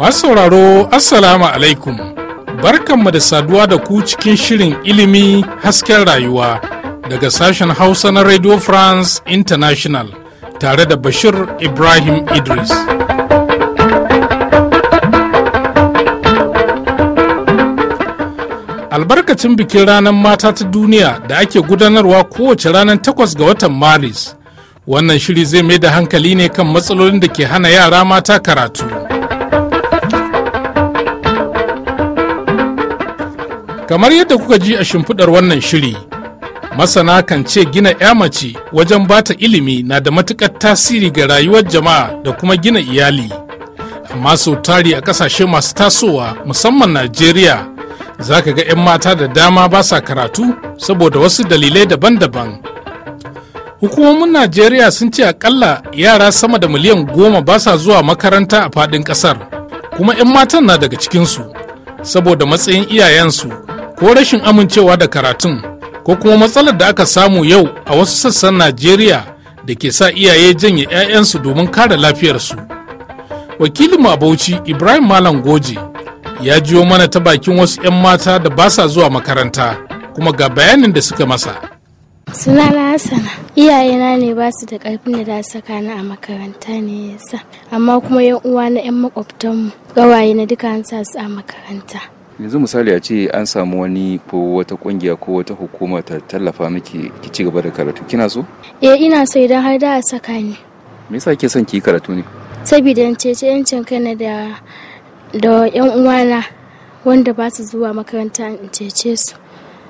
Masu sauraro Assalamu alaikum barkanmu da saduwa da ku cikin shirin ilimi hasken rayuwa daga sashen Hausa na Radio France International tare da Bashir Ibrahim Idris. Albarkacin bikin ranar mata ta duniya da ake gudanarwa kowace ranar takwas ga watan Maris. wannan shiri zai mai da hankali ne kan matsalolin da ke hana yara mata karatu kamar yadda kuka ji a shimfiɗar wannan shiri masana kan ce gina 'ya mace wajen bata ilimi na da matuƙar tasiri ga rayuwar jama'a da kuma gina iyali amma sau tari a ƙasashe masu tasowa musamman najeriya za ka ga 'yan mata da dama ba sa karatu saboda wasu dalilai daban-daban hukumomin najeriya sun ce akalla yara sama da miliyan goma ba sa zuwa makaranta a fadin kasar kuma 'yan matan na daga cikinsu saboda matsayin iyayensu ko rashin amincewa da karatun ko kuma matsalar da aka samu yau a wasu sassan najeriya da ke sa iyaye janye 'ya'yansu domin kare lafiyarsu wakilin bauchi ibrahim malam goji ya jiyo mana ta bakin wasu 'yan mata da ba sa zuwa makaranta kuma ga bayanin da suka masa sunana Hassana iyayena ne ba su da karfin da za saka ni a makaranta ne yasa amma kuma yan uwa na yan makwabtanmu gawaye na duka an sa su a makaranta yanzu misali a ce an samu wani ko wata kungiya ko wata hukuma ta tallafa miki ki ci gaba da karatu kina so eh ina so idan har da a saka ni me yasa ke son ki karatu ne saboda in cece yancin kana da da yan uwana wanda ba su zuwa makaranta in cece su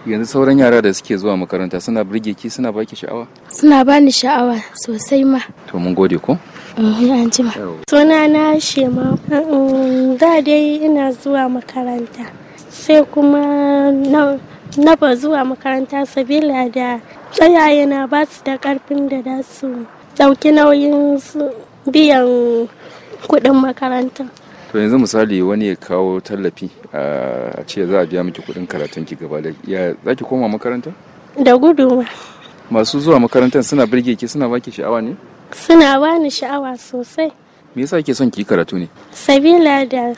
yanzu sauran yara da suke zuwa makaranta suna birge ki suna baki sha'awa suna bani sha'awa sosai ma to mun gode ko eh, an ma suna na shema mm, da dai ina zuwa makaranta sai kuma na ba zuwa makaranta sabila da tsayaye na ba su da karfin da za su dauki nauyin biyan kuɗin makaranta to yanzu misali wani ya kawo tallafi a ce za a biya miki kudin karatun ki gaba ya za ki koma makaranta da gudu masu zuwa makarantar suna birge ki suna baki sha'awa ne suna bani sha'awa sosai me yasa ke son ki karatu ne sabila da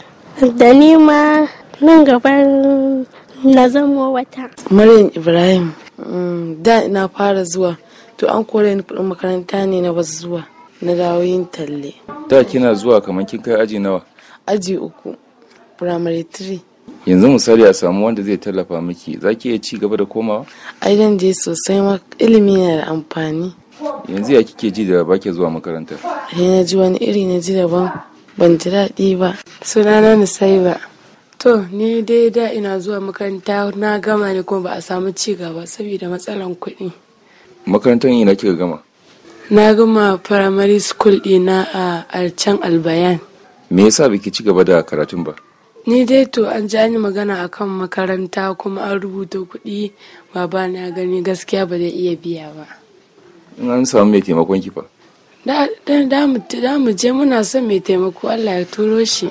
da nima nan gaban na zamo wata maryam ibrahim mm, da na fara zuwa to an kore ni kudin makaranta ne na wasu zuwa na dawo yin talle da kina zuwa kamar kin kai aji nawa aji uku primary 3 yanzu misali a samu wanda zai tallafa miki za ki iya ci gaba da komawa ai dan je sosai ilimi na da amfani yanzu ya kike ji da ke zuwa makaranta sai na ji wani iri na ji daban ban ji daɗi ba sunana na sai ba to ni dai da ina zuwa makaranta na gama ne kuma ba a samu ci gaba saboda matsalan kuɗi makarantar na kika gama na gama primary school ɗina a alcan albayan me yasa biki ci gaba da karatun ba ni dai to an ja ni magana akan makaranta kuma an rubuta kuɗi baba na gani gaskiya ba zai iya biya ba in an samu mai taimakon ki fa da mu je muna son mai taimako Allah ya turo shi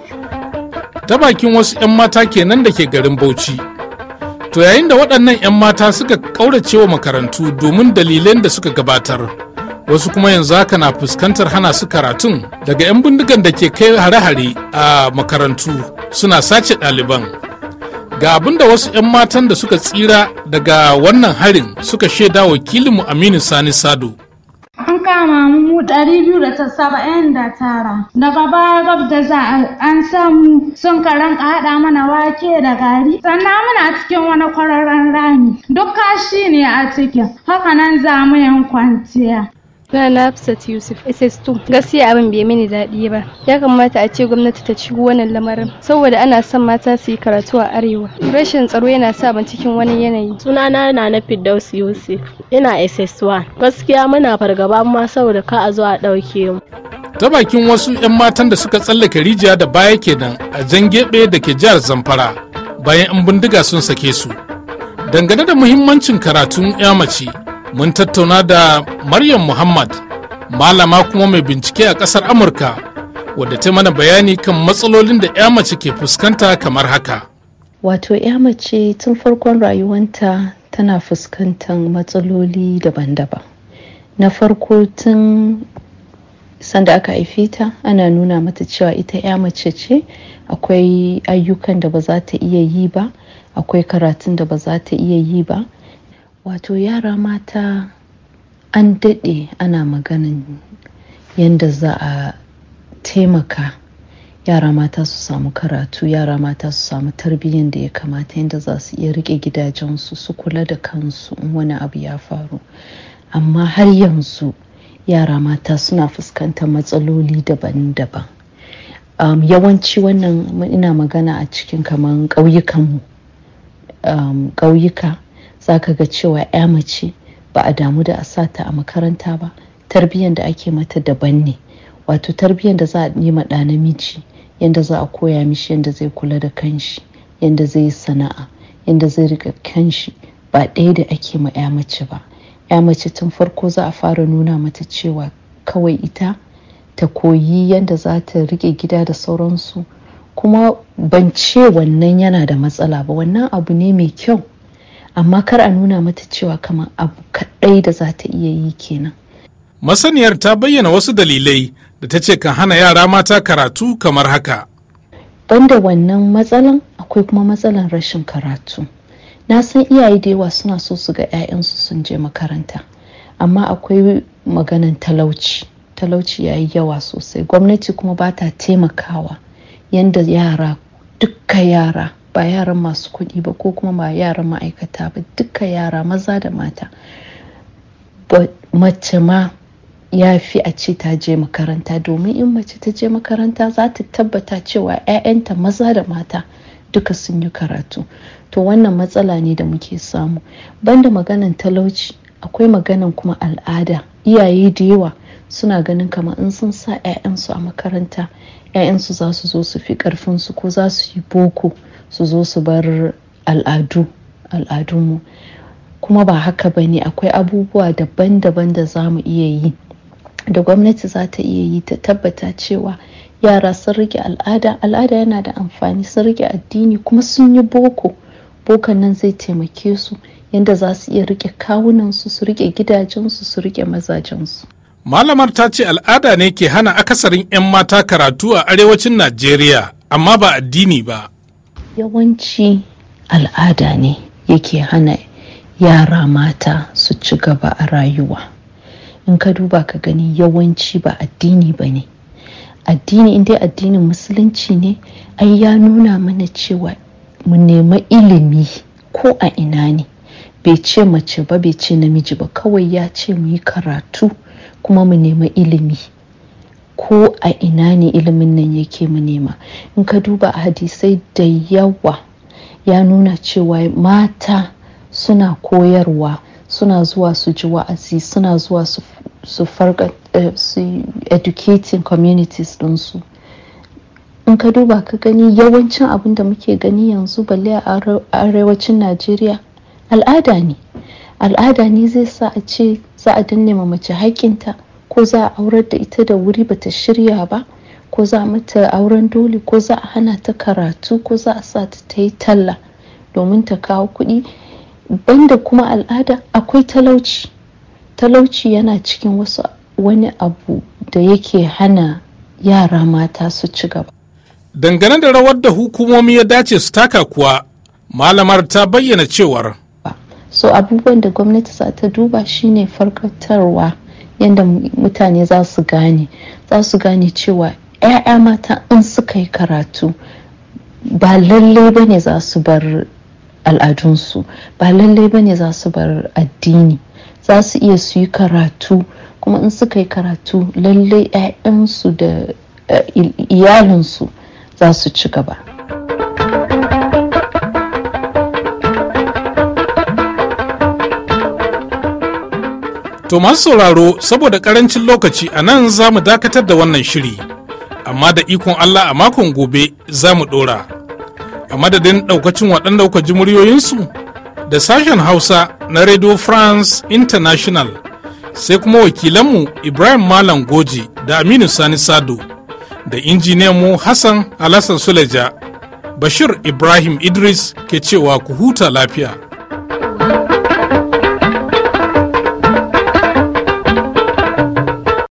ta bakin wasu 'yan mata kenan da ke garin Bauchi to yayin da waɗannan 'yan mata suka ƙauracewa makarantu domin dalilan da suka gabatar wasu kuma yanzu haka na fuskantar hana su karatun daga 'yan bindigan da ke kai hare-hare a makarantu suna sace ɗaliban ga abin da wasu 'yan matan da suka tsira daga wannan harin suka shaida mu aminu sani sado an kama mu ɗari biyu da ta da tara daga baya gab da za an samu sun karan haɗa mana wake da gari sannan muna cikin wani kwararren rami duk kashi ne a cikin haka nan za mu yan kwanciya sunana Hafsat Yusuf SS2 gaskiya abin bai mini daɗi ba ya kamata a ce gwamnati ta ci wannan lamarin saboda ana son mata su yi karatu a arewa rashin tsaro yana sa ban cikin wani yanayi sunana na na Firdaus Yusuf ina SS1 gaskiya muna fargaba ma saboda ka a zo a ɗauke mu ta bakin wasu 'yan matan da suka tsallake rijiya da baya kenan a jan gebe da ke jihar zamfara bayan 'yan bindiga sun sake su dangane da muhimmancin karatun 'ya mace mun tattauna da maryam muhammad malama kuma mai bincike a kasar amurka wadda ta mana bayani kan matsalolin da 'ya mace ke fuskanta kamar haka wato 'ya mace tun farkon rayuwanta tana fuskantar matsaloli daban-daban na farko tun sanda aka haife ta ana nuna mata cewa ita 'ya mace ce akwai ayyukan da ba za ta iya yi ba akwai karatun da ba za ta iya yi ba wato yara mata an daɗe ana maganin yadda za a taimaka yara mata su samu karatu yara mata su samu tarbiyyar da ya kamata yadda za su iya rike gidajensu su kula da kansu in wani abu ya faru amma har yanzu yara mata suna fuskantar matsaloli daban-daban um, yawanci wannan ina magana a cikin kamar ƙauyukanmu um, ƙauyuka za ka ga cewa ya mace ba a damu da a sata a makaranta ba tarbiyyar da ake mata daban ne wato tarbiyyar da za a nema ɗa namiji yadda za a koya mishi yadda zai kula da kanshi yadda zai yi sana'a yadda zai riƙa kanshi ba ɗaya da ake ma ya mace ba ya mace tun farko za a fara nuna mata cewa kawai ita ta koyi yadda za ta riƙe gida da sauransu kuma ban ce wannan yana da matsala ba wannan abu ne mai kyau amma kar a nuna mata cewa kamar abu kaɗai da za ta iya yi kenan masaniyar ta bayyana wasu dalilai da ta ce kan hana yara mata karatu kamar haka banda wannan matsalan akwai kuma matsalan rashin karatu na san iyaye da yawa suna so su ga 'ya'yansu sun je makaranta amma akwai maganan talauci talauci ya yi yawa sosai gwamnati kuma ba ta taimakawa yanda yara dukka yara ba yaran masu kuɗi ba ko kuma ba yaran ma'aikata ba duka yara maza da mata mace ma ya fi a ce ta je makaranta domin in mace ta je makaranta za ta tabbata cewa 'ya'yanta maza da mata duka sun yi karatu to wannan matsala ne da muke samu banda maganan talauci akwai maganan kuma al'ada iyaye da yawa suna ganin kama in sun sa 'ya'yansu a makaranta 'ya'yansu za su zo su fi karfinsu ko za su yi boko su zo su bar al'adu al'adunmu kuma ba haka ba ne akwai abubuwa daban-daban da za mu iya yi da gwamnati za ta iya yi ta tabbata cewa yara sun rike al'ada al'ada yana da amfani sun rike addini kuma sun yi boko bokan nan zai taimake su yadda za su iya rike kawunansu su rike gidajensu su rike mazajensu malamar ta ce al'ada ne ke hana akasarin 'yan mata karatu a arewacin najeriya amma ba addini ba yawanci al'ada ne yake hana yara mata su ci gaba a rayuwa in ka duba ka gani yawanci ba addini ba ne addini inda addinin musulunci ne ai ya nuna mana cewa mu nema ilimi ko a ina ne bai ce mace ba bai ce namiji ba kawai ya ce mu yi karatu kuma mu nema ilimi ko a ina ne ilimin nan yake mu nema in ka duba a hadisai da yawa ya nuna cewa mata suna koyarwa suna zuwa su ji wa'azi suna zuwa su farga eh, su educating communities ɗinsu in ka duba ka gani yawancin abin da muke gani yanzu balle a arewacin najeriya al'ada ne al'ada ne zai sa a ce za a danne ma mace haƙƙinta ko za a aurar da ita da wuri bata shirya ba ko za a mata auren dole ko za a hana ta karatu ko za a sa ta ta yi talla domin ta kawo kuɗi banda kuma al'ada akwai talauci talauci yana cikin wasu wani abu da yake hana yara mata su ci gaba dangane da rawar da hukumomi ya dace su taka kuwa malamar ta bayyana cewar so abubuwan da gwamnati za ta duba shine farkatarwa yadda mutane za su gane za su gane cewa 'ya'ya mata in suka yi karatu ba lallai ba ne za su bar al'adunsu ba lallai ba ne za su bar addini za su iya su yi karatu kuma in suka yi karatu lallai 'ya'yansu da eh, iyalinsu za su ci gaba. To masu sauraro saboda karancin lokaci a nan za mu dakatar da wannan shiri, amma da ikon Allah a makon gobe za mu ɗora. A madadin ɗaukacin waɗanda kuka ji muryoyinsu da sashen Hausa na Radio France International sai kuma wakilanmu Ibrahim Malam Goji da Aminu Sani Sado da injiniyanmu Hassan Alassan Suleja Bashir Ibrahim Idris ke cewa ku huta lafiya.